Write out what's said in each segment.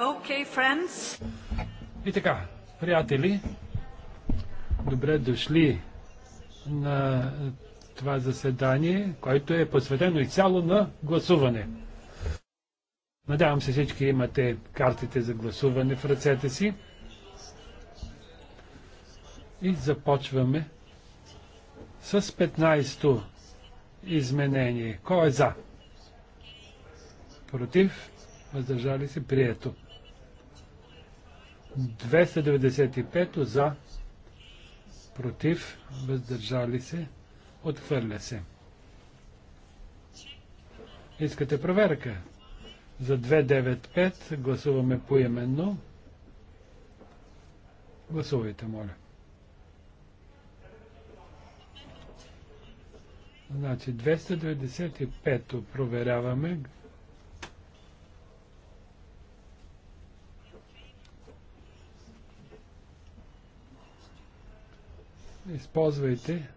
Okay, friends. И така, приятели, добре дошли на това заседание, което е посветено изцяло на гласуване. Надявам се всички имате картите за гласуване в ръцете си. И започваме с 15-то изменение. Кой е за? Против? Въздържали се? Прието. 295 за, против, въздържали се, отхвърля се. Искате проверка? За 295 гласуваме поименно. Гласувайте, моля. Значи 295 проверяваме. използвайте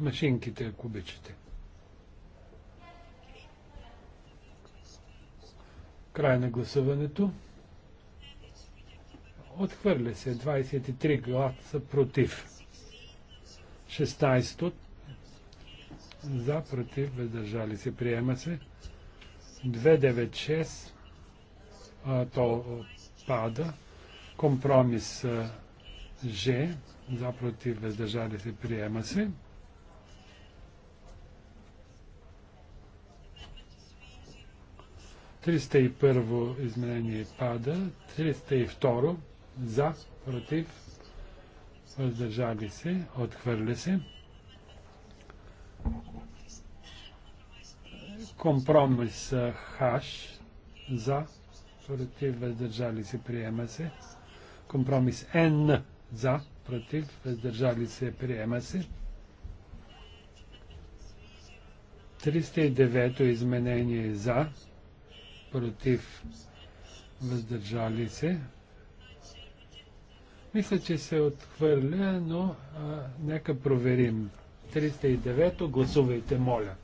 машинките, ако обичате. Край на гласуването. Отхвърля се 23 гласа против. 16 за, против, въздържали се, приема се. 296 то пада. Компромис Ж за против въздържали се приема се. Триста и първо изменение пада, 302 за, против, въздържали се, отхвърля се. Компромис хаш за, против, въздържали се, приема се. Компромис Н за, против, въздържали се, приема се. 309-то изменение за, против, въздържали се. Мисля, че се отхвърля, но а, нека проверим. 309-то, гласувайте, моля.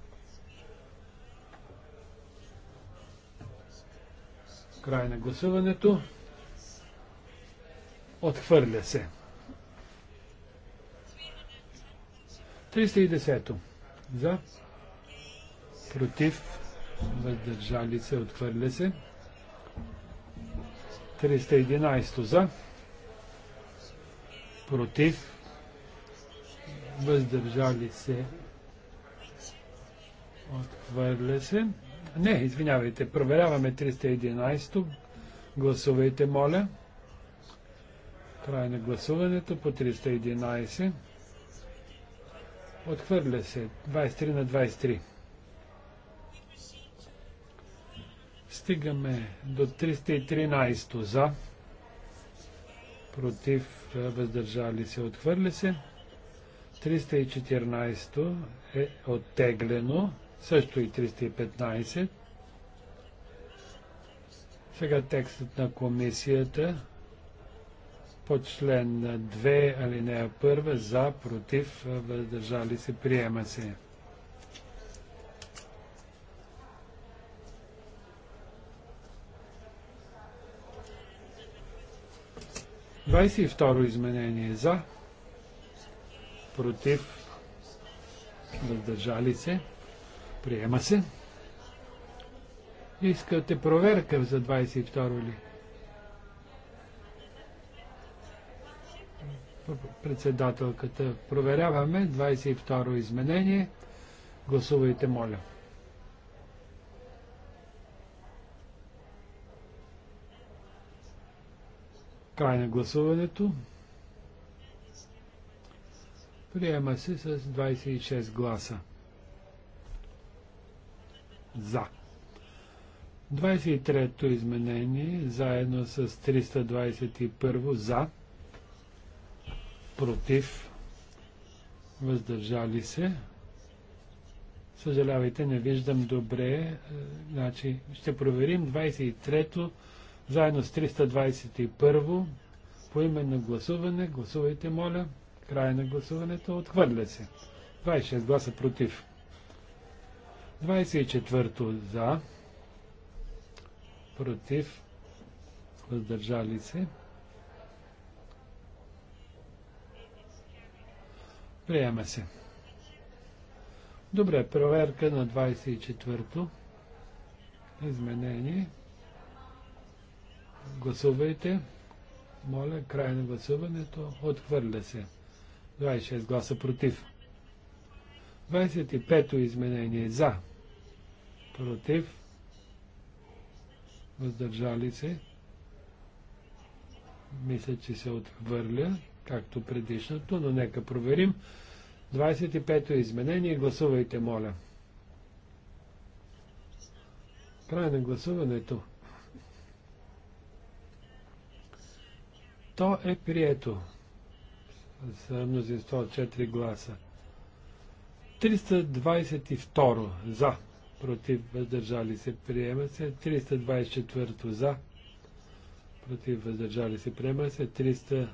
Край на гласуването. Отхвърля се. 310 за, против, въздържали се, отхвърля се. 311 за, против, въздържали се, отхвърля се. Не, извинявайте, проверяваме 311. Гласувайте, моля. Край на гласуването по 311. Отхвърля се 23 на 23. Стигаме до 313 за. Против въздържали се. Отхвърля се. 314 е оттеглено. Също и 315. Сега текстът на комисията по член 2, алинея 1, за, против, въздържали се, приема се. Двадесет и второ изменение за, против, въздържали се, приема се. Искате проверка за 22 ли? председателката. Проверяваме 22-ро изменение. Гласувайте, моля. Край на гласуването. Приема се с 26 гласа. За. 23-то изменение, заедно с 321 за против, въздържали се. Съжалявайте, не виждам добре. Е, значи, ще проверим 23-то, заедно с 321-во, по име на гласуване. Гласувайте, моля. Край на гласуването. Отхвърля се. 26 гласа против. 24-то за. Против. Въздържали се. Приема се. Добре, проверка на 24-то изменение. Гласувайте. Моля, край на гласуването. Отхвърля се. 26 гласа против. 25-то изменение за. Против. Въздържали се. Мисля, че се отхвърля както предишното, но нека проверим. 25-то изменение. Гласувайте, моля. Край на гласуването. То е прието за мнозинство от 4 гласа. 322 за, против, въздържали се, приема се. 324 за, против, въздържали се, приема се. 300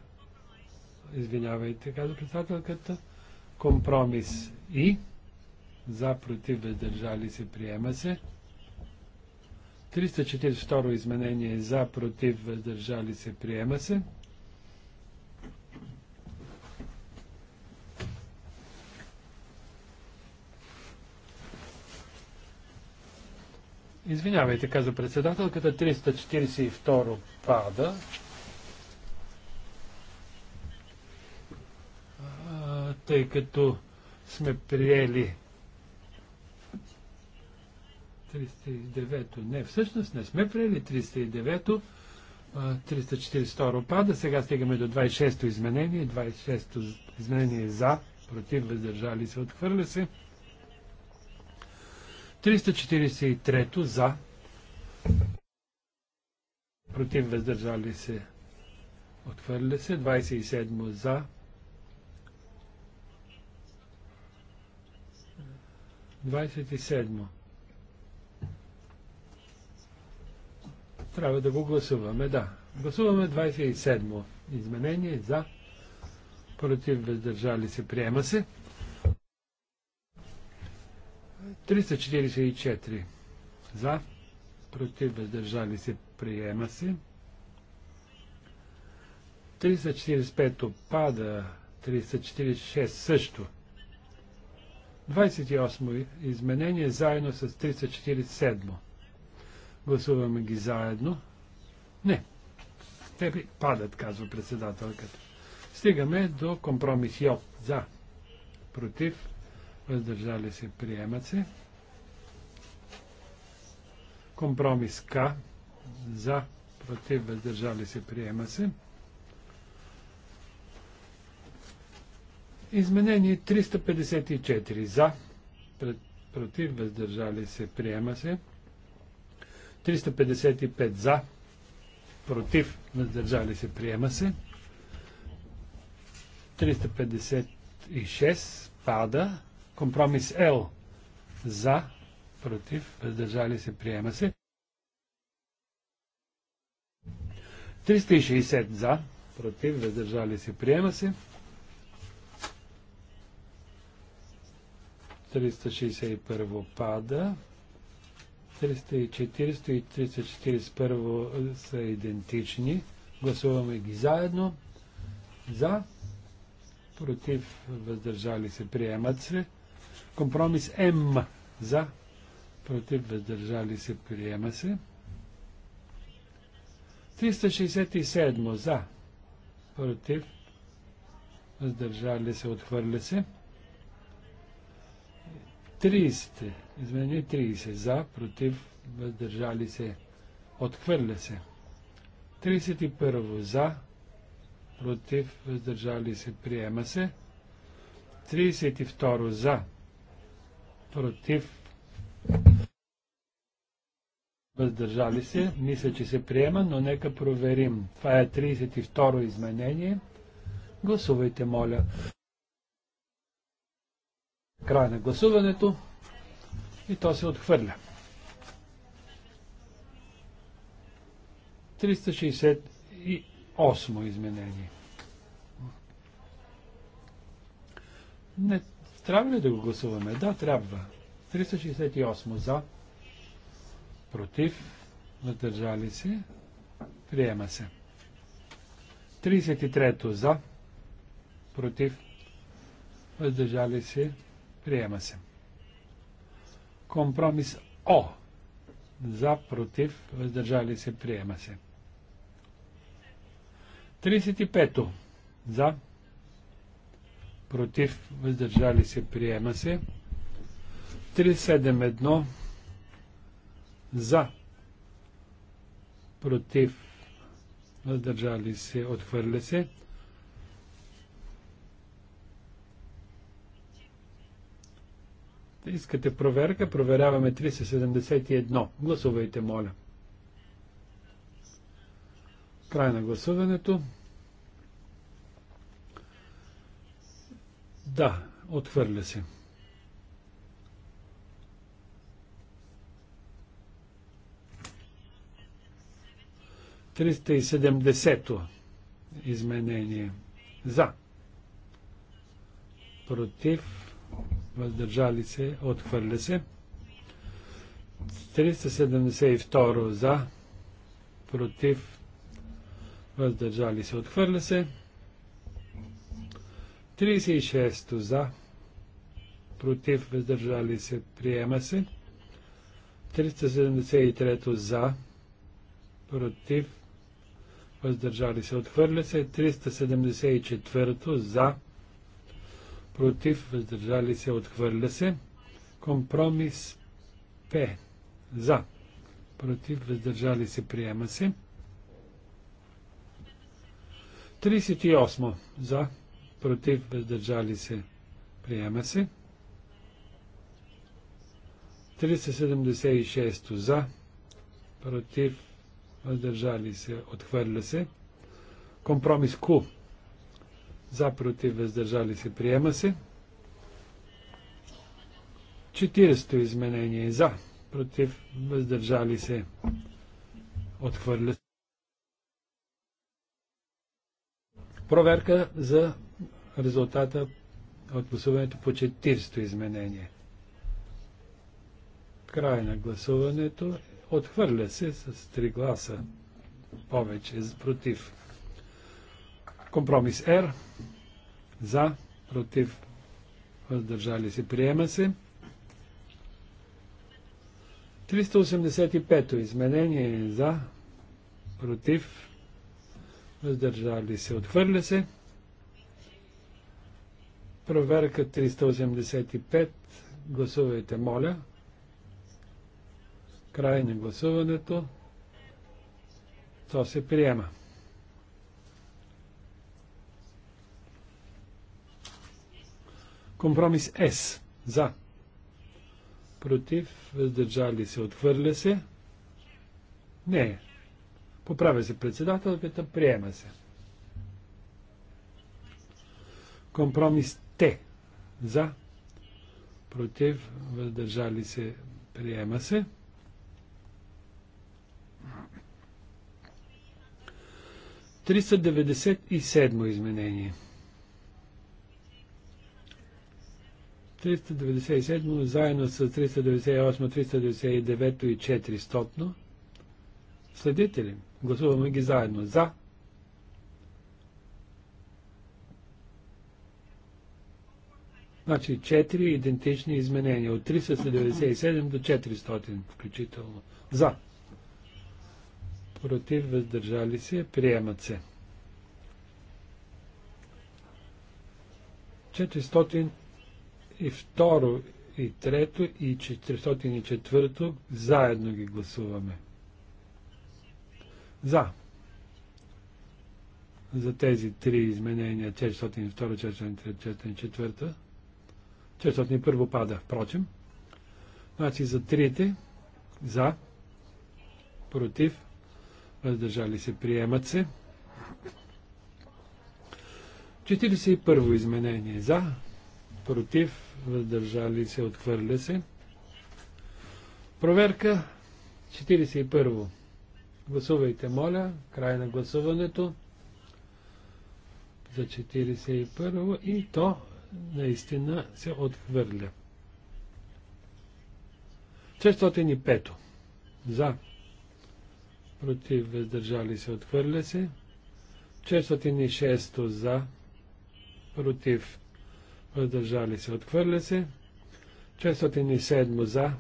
извинявайте, каза председателката, компромис и за против въздържали се приема се. 342 изменение за против въздържали се приема се. Извинявайте, каза председателката, 342 пада. тъй като сме приели 309-то. Не, всъщност не сме приели 309-то. 342 пада. Сега стигаме до 26-то изменение. 26-то изменение за, против, въздържали се, отхвърля се. 343-то за, против, въздържали се, отхвърля се. 27-то за, 27. Трябва да го гласуваме, да. Гласуваме 27. Изменение за. Против въздържали се. Приема се. 344. За. Против въздържали се. Приема се. 345 пада. 346 също. 28 изменение заедно с 347. Гласуваме ги заедно. Не. Те падат, казва председателката. Стигаме до компромис Йо. За. Против. Въздържали се. Приемат се. Компромис К. За. Против. Въздържали се. Приема се. Изменение 354 за, против, въздържали се, приема се. 355 за, против, въздържали се, приема се. 356 пада. Компромис Л за, против, въздържали се, приема се. 360 за, против, въздържали се, приема се. 361 пада. 340 и 341 са идентични. Гласуваме ги заедно. За, против, въздържали се, приемат се. Компромис М за, против, въздържали се, приема се. 367 за, против, въздържали се, отхвърля се. 30. Изменение 30. За, против, въздържали се. Отхвърля се. 31. За, против, въздържали се. Приема се. 32. За, против, въздържали се. Мисля, че се приема, но нека проверим. Това е 32 изменение. Гласувайте, моля. Край на гласуването. И то се отхвърля. 368 изменение. Не, трябва ли да го гласуваме? Да, трябва. 368 за, против, въздържали се, приема се. 33 за, против, въздържали се, Приема се. Компромис О. За, против, въздържали се, приема се. 35-то. За, против, въздържали се, приема се. 371 за, против, въздържали се, отхвърля се. Искате проверка? Проверяваме 371. Гласувайте, моля. Край на гласуването. Да, отхвърля се. Триста и седемдесето изменение. За. Против въздържали се, отхвърля се. 372 за, против, въздържали се, отхвърля се. 36 за, против, въздържали се, приема се. 373 за, против, въздържали се, отхвърля се. 374 за, против, въздържали се, отхвърля се. Компромис П. За. Против, въздържали се, приема се. 38. За. Против, въздържали се, приема се. 376. За. Против, въздържали се, отхвърля се. Компромис Q за против въздържали се приема се. 40-то изменение за против въздържали се отхвърля. Проверка за резултата от гласуването по 40-то изменение. Край на гласуването отхвърля се с 3 гласа повече против. Компромис Р. За, против, въздържали се, приема се. 385-то изменение е за, против, въздържали се, отхвърля се. Проверка 385. Гласувайте, моля. Край на гласуването. То се приема. Компромис С. За. Против. Въздържали се. Отхвърля се. Не. Поправя се председателката. Приема се. Компромис Т. За. Против. Въздържали се. Приема се. 397 изменение. 397 заедно с 398, 399 и 400. Следите ли? Гласуваме ги заедно. За. Значи 4 идентични изменения. От 397 до 400 включително. За. Против, въздържали се, приемат се. 400 и второ, и трето, и 404 то заедно ги гласуваме. За. За тези три изменения 402, 403, 404. 401 пада, впрочем. Значи за трите, за, против, въздържали се, приемат се. 41 изменение за, против, въздържали се, отхвърля се. Проверка 41. Гласувайте, моля. Край на гласуването за 41 и то наистина се отхвърля. 605. За. Против въздържали се, отхвърля се. 606 за. Против въздържали се, отхвърля се. 607 за,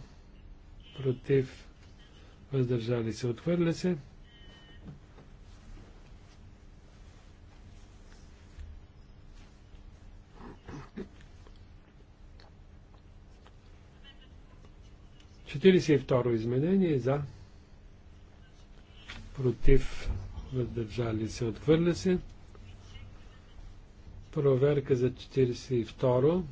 против, въздържали се, отхвърля се. Четиридесет и второ изменение за, против, въздържали се, отхвърля се. Проверка за 42.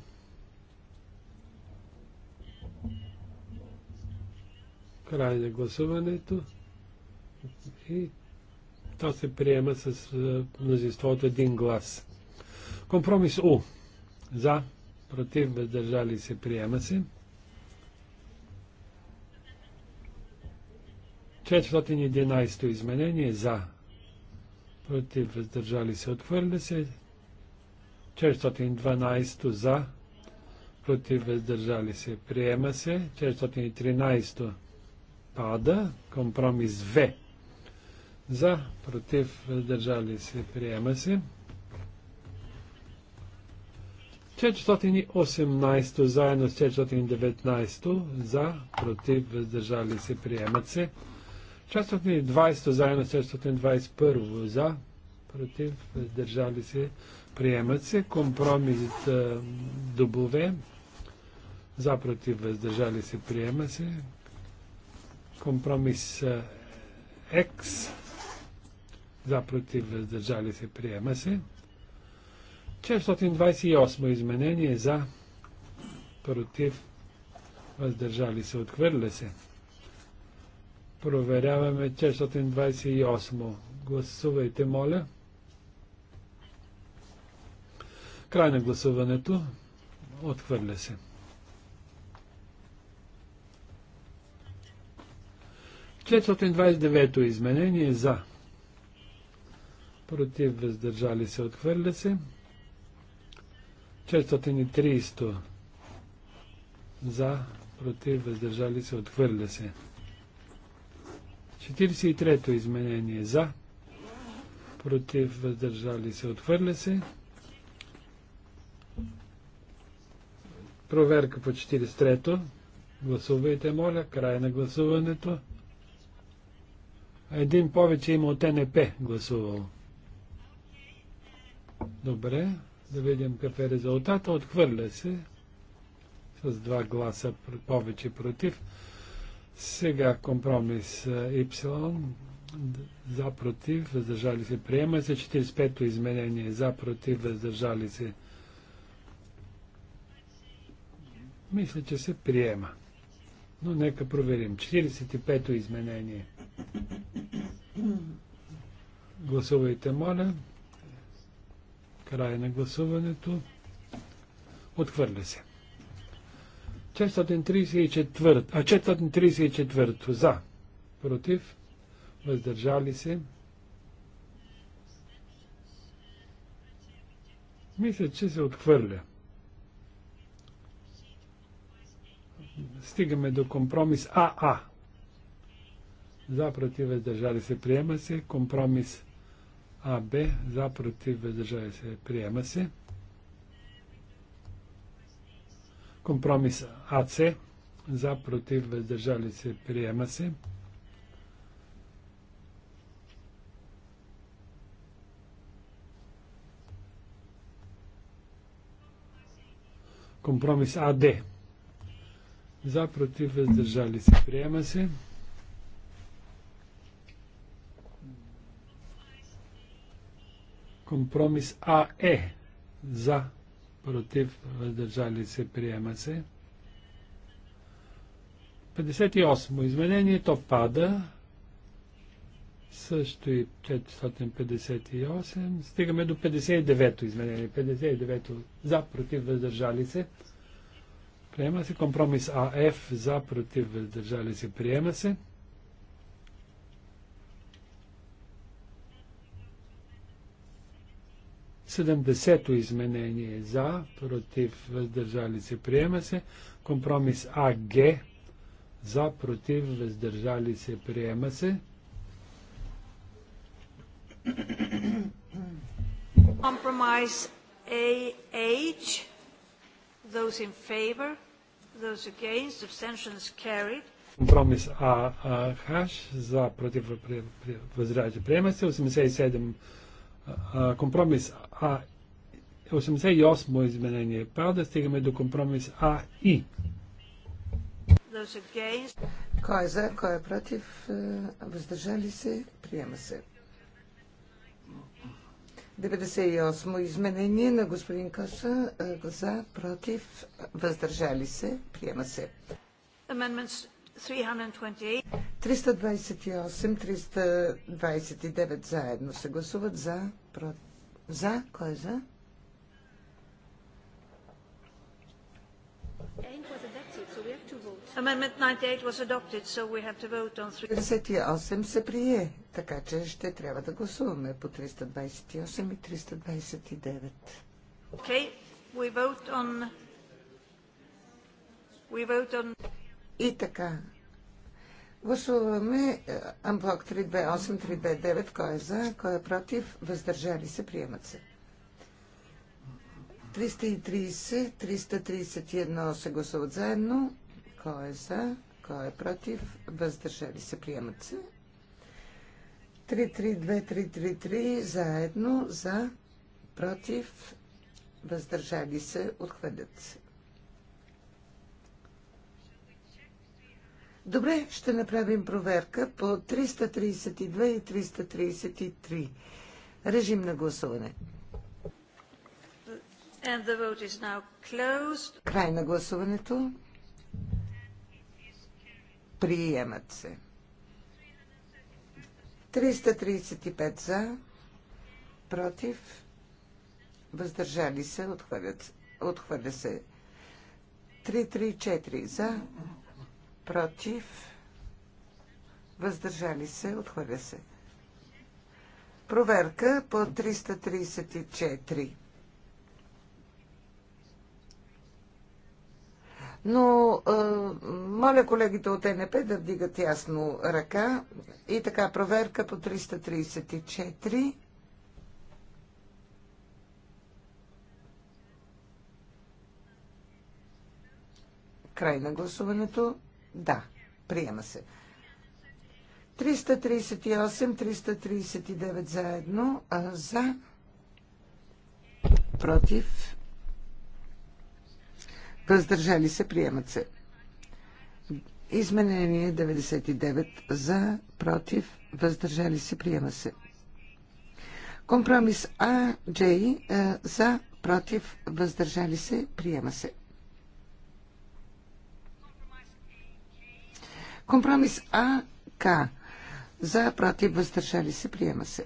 Край на гласуването. И то се приема с мнозинство от един глас. Компромис У. За, против, въздържали се, приема се. 411 изменение за, против, въздържали се, отхвърля се. 412 за, против въздържали се, приема се. 413 пада, компромис В. За, против въздържали се, приема се. 418 заедно с 419 за, против, въздържали се, приемат се. 420 заедно с 421 за, против, въздържали се, Приемат се компромис добове За против въздържали се. Приема се. Компромис X. За против въздържали се. Приема се. 428 изменение за против въздържали се. Отхвърля се. Проверяваме 428. Гласувайте, моля. Край на гласуването. Отхвърля се. Четвърто то изменение за. Против въздържали се. Отхвърля се. 430 за, против, въздържали се, отхвърля се. 43-то изменение за, против, въздържали се, отхвърля се. Проверка по 43-то. Гласувайте, моля. Край на гласуването. Един повече има от НП гласувал. Добре, да видим какъв е резултата. Отхвърля се с два гласа повече против. Сега компромис Y за против, въздържали се, приема се 45-то изменение за против, въздържали се, Мисля, че се приема. Но нека проверим. 45-то изменение. Гласувайте, моля. Край на гласуването. Отхвърля се. 434, а 434 за, против, въздържали се. Мисля, че се отхвърля. стигаме до компромис АА. За, против, въздържали се, приема се. Компромис АБ. За, против, въздържали се, приема се. Компромис АЦ. За, против, въздържали се, приема се. Компромис АД. За, против, въздържали се. Приема се. Компромис АЕ. За, против, въздържали се. Приема се. 58. Изменението пада. Също и 458. Стигаме до 59-то изменение. 59-то за, против, въздържали се. Приема се. Компромис АФ за, против, въздържали се. Приема се. Седемдесето изменение за, против, въздържали се. Приема се. Компромис АГ за, против, въздържали се. Приема се. Compromise AH. Those in favor? Those against, abstentions carried. Компромис А, а хаш за против възраждане приема се. 87 а, компромис А 88 изменение пада. Стигаме до компромис А и. Кой е за, кой е против, е, въздържали се, приема се. 98 изменение на господин Коса за, против, въздържали се, приема се. 328, 329 заедно се гласуват за, про... за, кой е за? Amendment 98 was adopted, so we have to vote on 38 се прие, така че ще трябва да гласуваме по 328 и 329. Okay, we vote on... We vote on... И така. Гласуваме Амблок 328, 329. Кой е за, кой е против? Въздържали се, приемат се. 330, 331 се гласуват заедно. Кой е за? Кой е против? Въздържали се, приемат се. 3-3-2-3-3-3 заедно за, против, въздържали се, отхвърлят се. Добре, ще направим проверка по 332 и 333. Режим на гласуване. Край на гласуването приемат се. 335 за, против, въздържали се, отхвърлят, отхвърля се. 334 за, против, въздържали се, отхвърля се. Проверка по 334. Но а, моля колегите от НП да вдигат ясно ръка. И така, проверка по 334. Край на гласуването. Да, приема се. 338, 339 заедно. А за. Против въздържали се, приемат се. Изменение 99 за, против, въздържали се, приема се. Компромис А, Джей, за, против, въздържали се, приема се. Компромис А, К, за, против, въздържали се, приема се.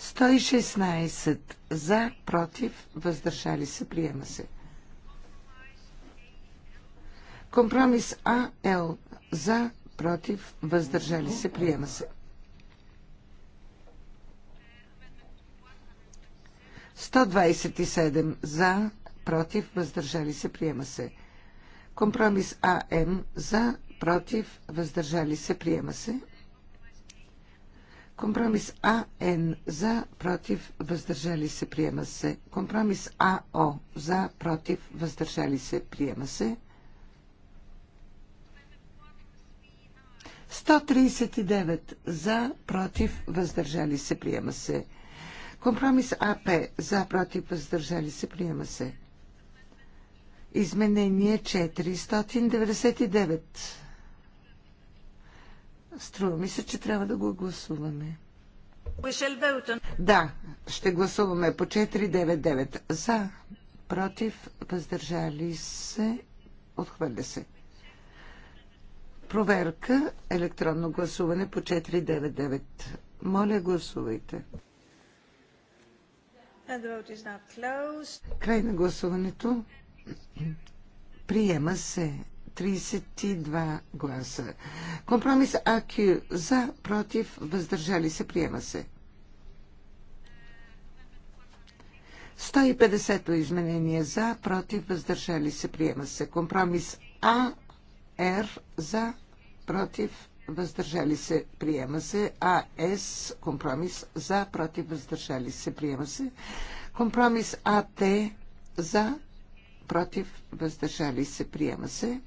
116 за, против, въздържали се, приема се. Компромис АЛ за, против, въздържали се, приема се. 127 за, против, въздържали се, приема се. Компромис АМ за, против, въздържали се, приема се. Компромис АН за, против, въздържали се, приема се. Компромис АО за, против, въздържали се, приема се. 139 за, против, въздържали се, приема се. Компромис АП за, против, въздържали се, приема се. Изменение 499. Струва ми се, че трябва да го гласуваме. Да, ще гласуваме по 499. За, против, въздържали се, отхвърля се. Проверка, електронно гласуване по 499. Моля, гласувайте. Край на гласуването. Приема се 32 гласа. Компромис АК за, против, въздържали се, приема се. 150-то изменение за, против, въздържали се, приема се. Компромис А, Р за, против, въздържали се, приема се. АС, компромис за, против, въздържали се, приема се. Компромис АТ за, против, въздържали се, приема се.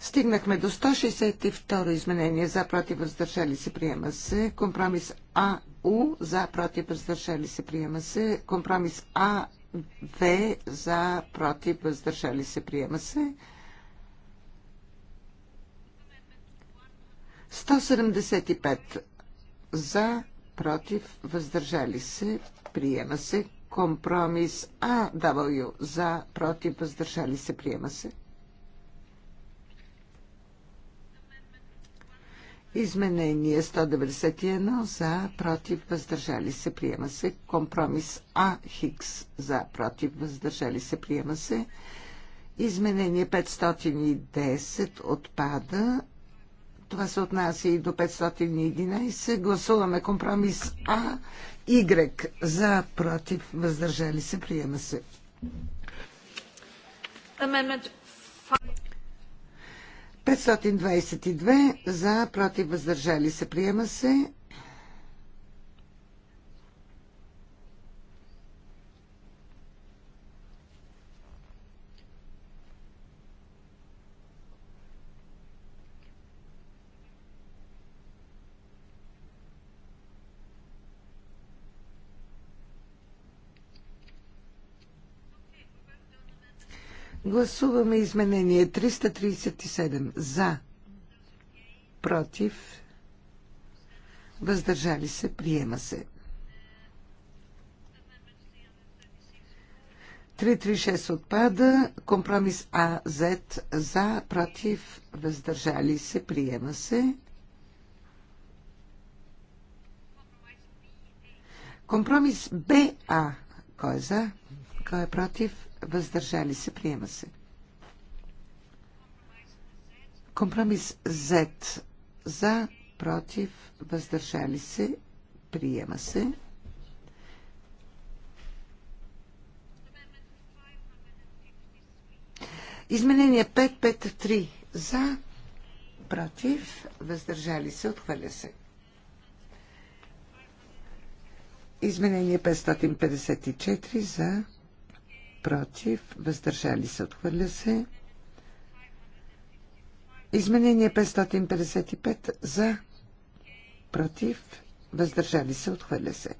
Стигнахме до 162 изменение за против въздържали се приема се. Компромис АУ за против въздържали се приема се. Компромис А. В за, против, въздържали се, приема се. 175 за, против, въздържали се, приема се. Компромис А, W за, против, въздържали се, приема се. Изменение 191 за, против, въздържали се, приема се. Компромис А Хикс за, против, въздържали се, приема се. Изменение 510 отпада. Това се отнася и до 511. Гласуваме компромис А, Y за, против, въздържали се, приема се. 522 за, против, въздържали се, приема се. Гласуваме изменение 337 за, против, въздържали се, приема се. 336 отпада, компромис АЗ за, против, въздържали се, приема се. Компромис БА. Кой е за? Кой е против? въздържали се, приема се. Компромис Z за, против, въздържали се, приема се. Изменение 553 за, против, въздържали се, отхвърля се. Изменение 554 за, против, въздържали се, отхвърля се. Изменение 555 за, против, въздържали се, отхвърля се.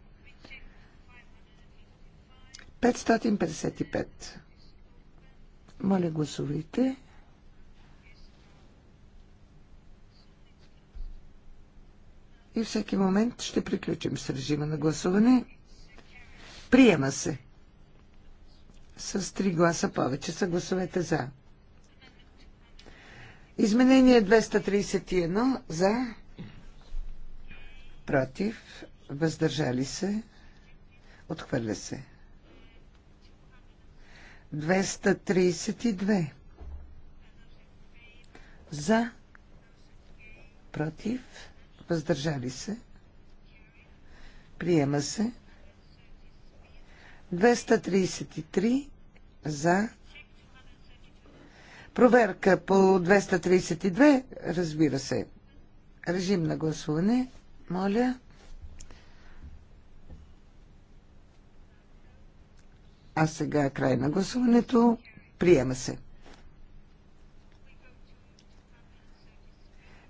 555. Моля, гласувайте. И всеки момент ще приключим с режима на гласуване. Приема се. С три гласа повече са гласовете за. Изменение 231 за, против, въздържали се, отхвърля се. 232 за, против, въздържали се, приема се. 233 за. Проверка по 232, разбира се. Режим на гласуване, моля. А сега край на гласуването. Приема се.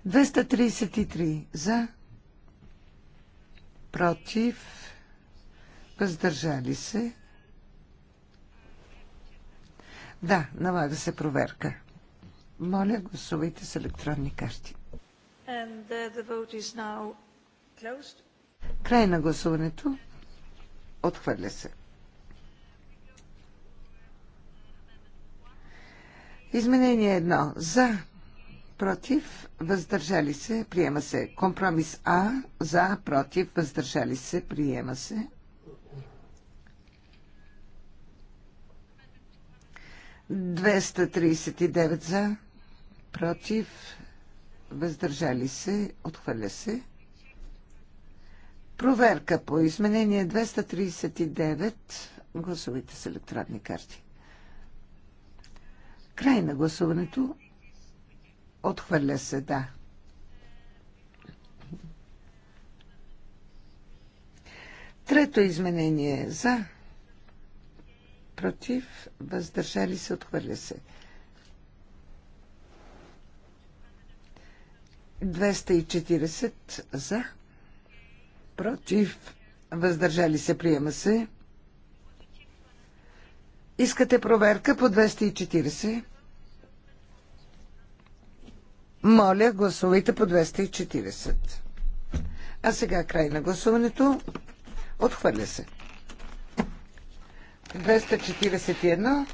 233 за. Против въздържали се. Да, налага се проверка. Моля, гласувайте с електронни карти. Край на гласуването. Отхвърля се. Изменение едно. За, против, въздържали се, приема се. Компромис А, за, против, въздържали се, приема се. 239 за, против, въздържали се, отхвърля се. Проверка по изменение 239. Гласувайте с електронни карти. Край на гласуването. Отхвърля се, да. Трето изменение за, против, въздържали се, отхвърля се. 240 за, против, въздържали се, приема се. Искате проверка по 240? Моля, гласувайте по 240. А сега край на гласуването. Отхвърля се. 241.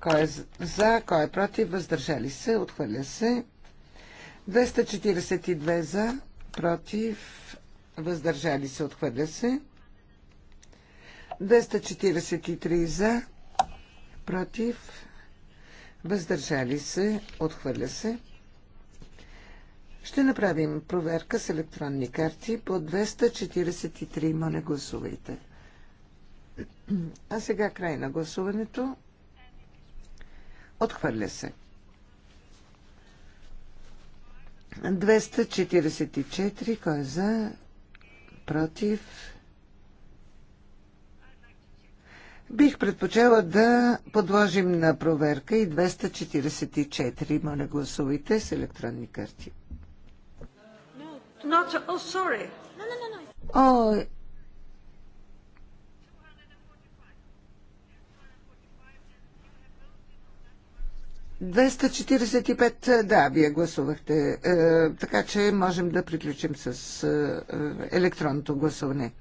Кой е за, кой е против, въздържали се, отхвърля се. 242 за, против, въздържали се, отхвърля се. 243 за, против, въздържали се, отхвърля се. Ще направим проверка с електронни карти по 243. Моля, гласувайте. А сега край на гласуването. Отхвърля се. 244. Кой е за? Против? Бих предпочела да подложим на проверка и 244. Моля, гласувайте с електронни карти. Oh, О, 245, е, да, вие гласувахте. Е, така че можем да приключим с е, електронното гласуване.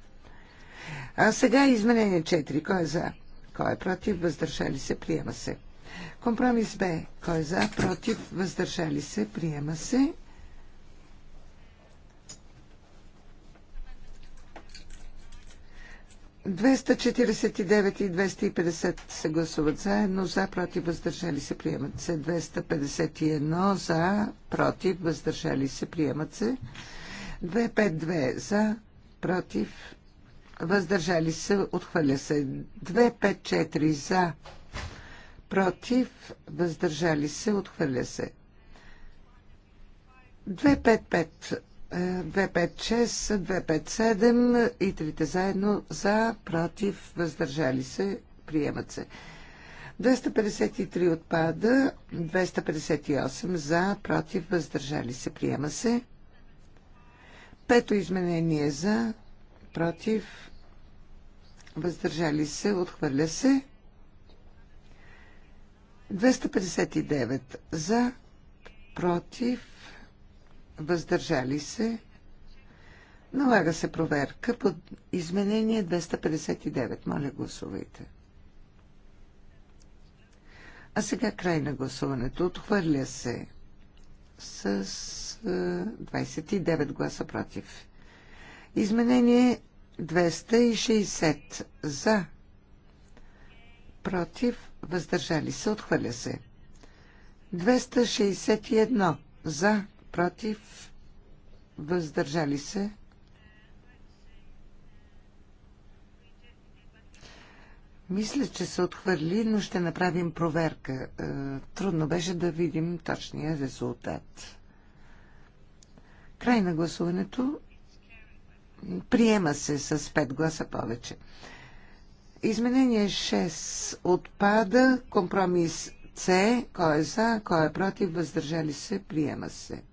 А сега изменение 4. Кой е за? Кой е против? Въздържали се? Приема се. Компромис Б. Кой е за? Против? Въздържали се? Приема се. 249 и 250 се гласуват заедно, за, против, въздържали се, приемат се. 251 за, против, въздържали се, приемат се. 252 за, против, въздържали се, отхвърля се. 254 за, против, въздържали се, отхвърля се. 255 256, 257 и трите заедно за, против, въздържали се, приемат се. 253 отпада, 258 за, против, въздържали се, приема се. Пето изменение за, против, въздържали се, отхвърля се. 259 за, против, въздържали се. Налага се проверка под изменение 259. Моля, гласувайте. А сега край на гласуването. Отхвърля се с 29 е, гласа против. Изменение 260 за. Против. Въздържали се. Отхвърля се. 261 за против, въздържали се. Мисля, че се отхвърли, но ще направим проверка. Е, трудно беше да видим точния резултат. Край на гласуването. Приема се с 5 гласа повече. Изменение 6 отпада. Компромис С. Кой е за, кой е против, въздържали се, приема се.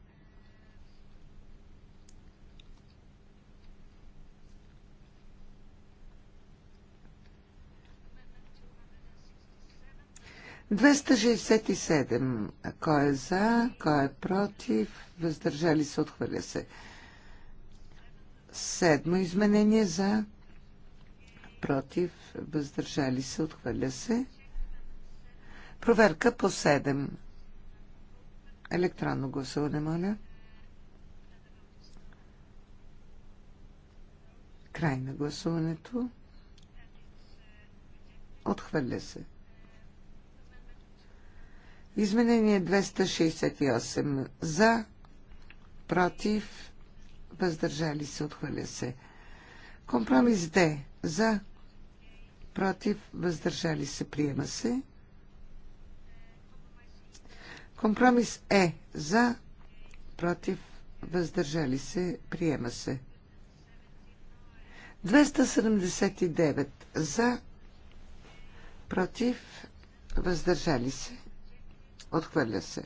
267. Кой е за, кой е против, въздържали се, отхвърля се. Седмо изменение за, против, въздържали се, отхвърля се. Проверка по 7. Електронно гласуване, моля. Край на гласуването. Отхвърля се. Изменение 268 за, против, въздържали се, отхвърля се. Компромис Д за, против, въздържали се, приема се. Компромис Е за, против, въздържали се, приема се. 279 за, против, въздържали се, Отхвърля се.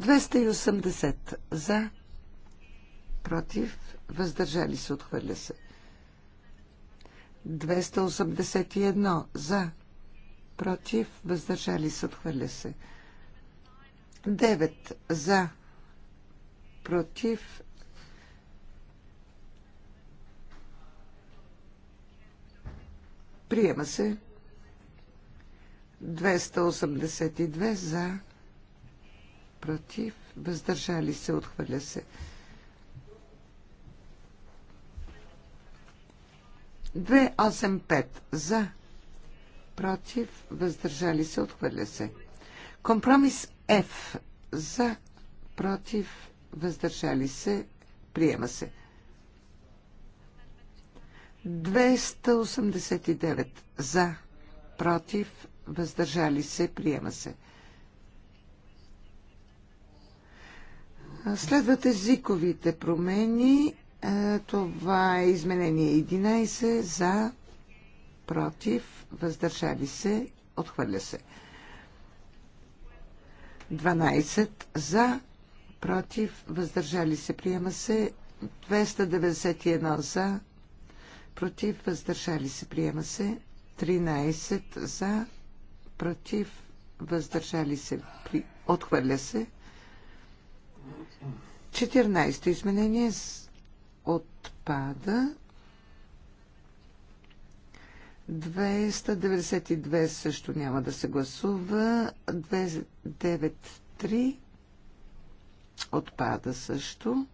280 за, против, въздържали се, отхвърля се. 281 за, против, въздържали се, отхвърля се. Девет за, против, Приема се. 282 за. Против. Въздържали се. Отхвърля се. 285 за. Против. Въздържали се. Отхвърля се. Компромис F за. Против. Въздържали се. Приема се. 289 за, против, въздържали се, приема се. Следват езиковите промени. Е, това е изменение 11 за, против, въздържали се, отхвърля се. 12 за, против, въздържали се, приема се. 291 за, против, въздържали се, приема се. 13 за, против, въздържали се, при... отхвърля се. 14 изменение отпада. 292 също няма да се гласува. 293 отпада също.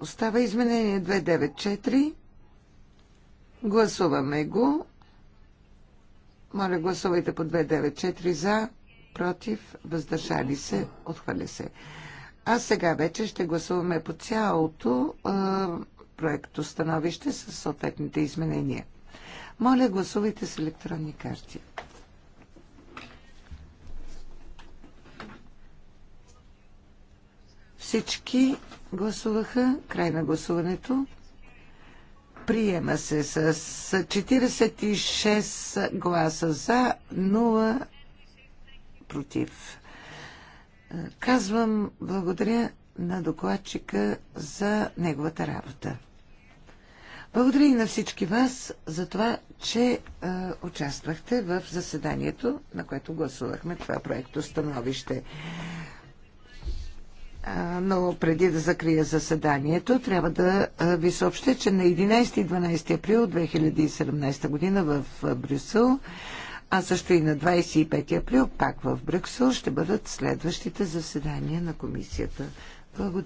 Остава изменение 294. Гласуваме го. Моля, гласувайте по 294 за, против, въздържали се, отхвърля се. А сега вече ще гласуваме по цялото е, проекто становище с съответните изменения. Моля, гласувайте с електронни карти. Всички гласуваха. Край на гласуването. Приема се с 46 гласа за, 0 против. Казвам благодаря на докладчика за неговата работа. Благодаря и на всички вас за това, че е, участвахте в заседанието, на което гласувахме това проекто становище но преди да закрия заседанието, трябва да ви съобщя, че на 11 и 12 април 2017 година в Брюсел, а също и на 25 април пак в Брюксел ще бъдат следващите заседания на комисията. Благодаря.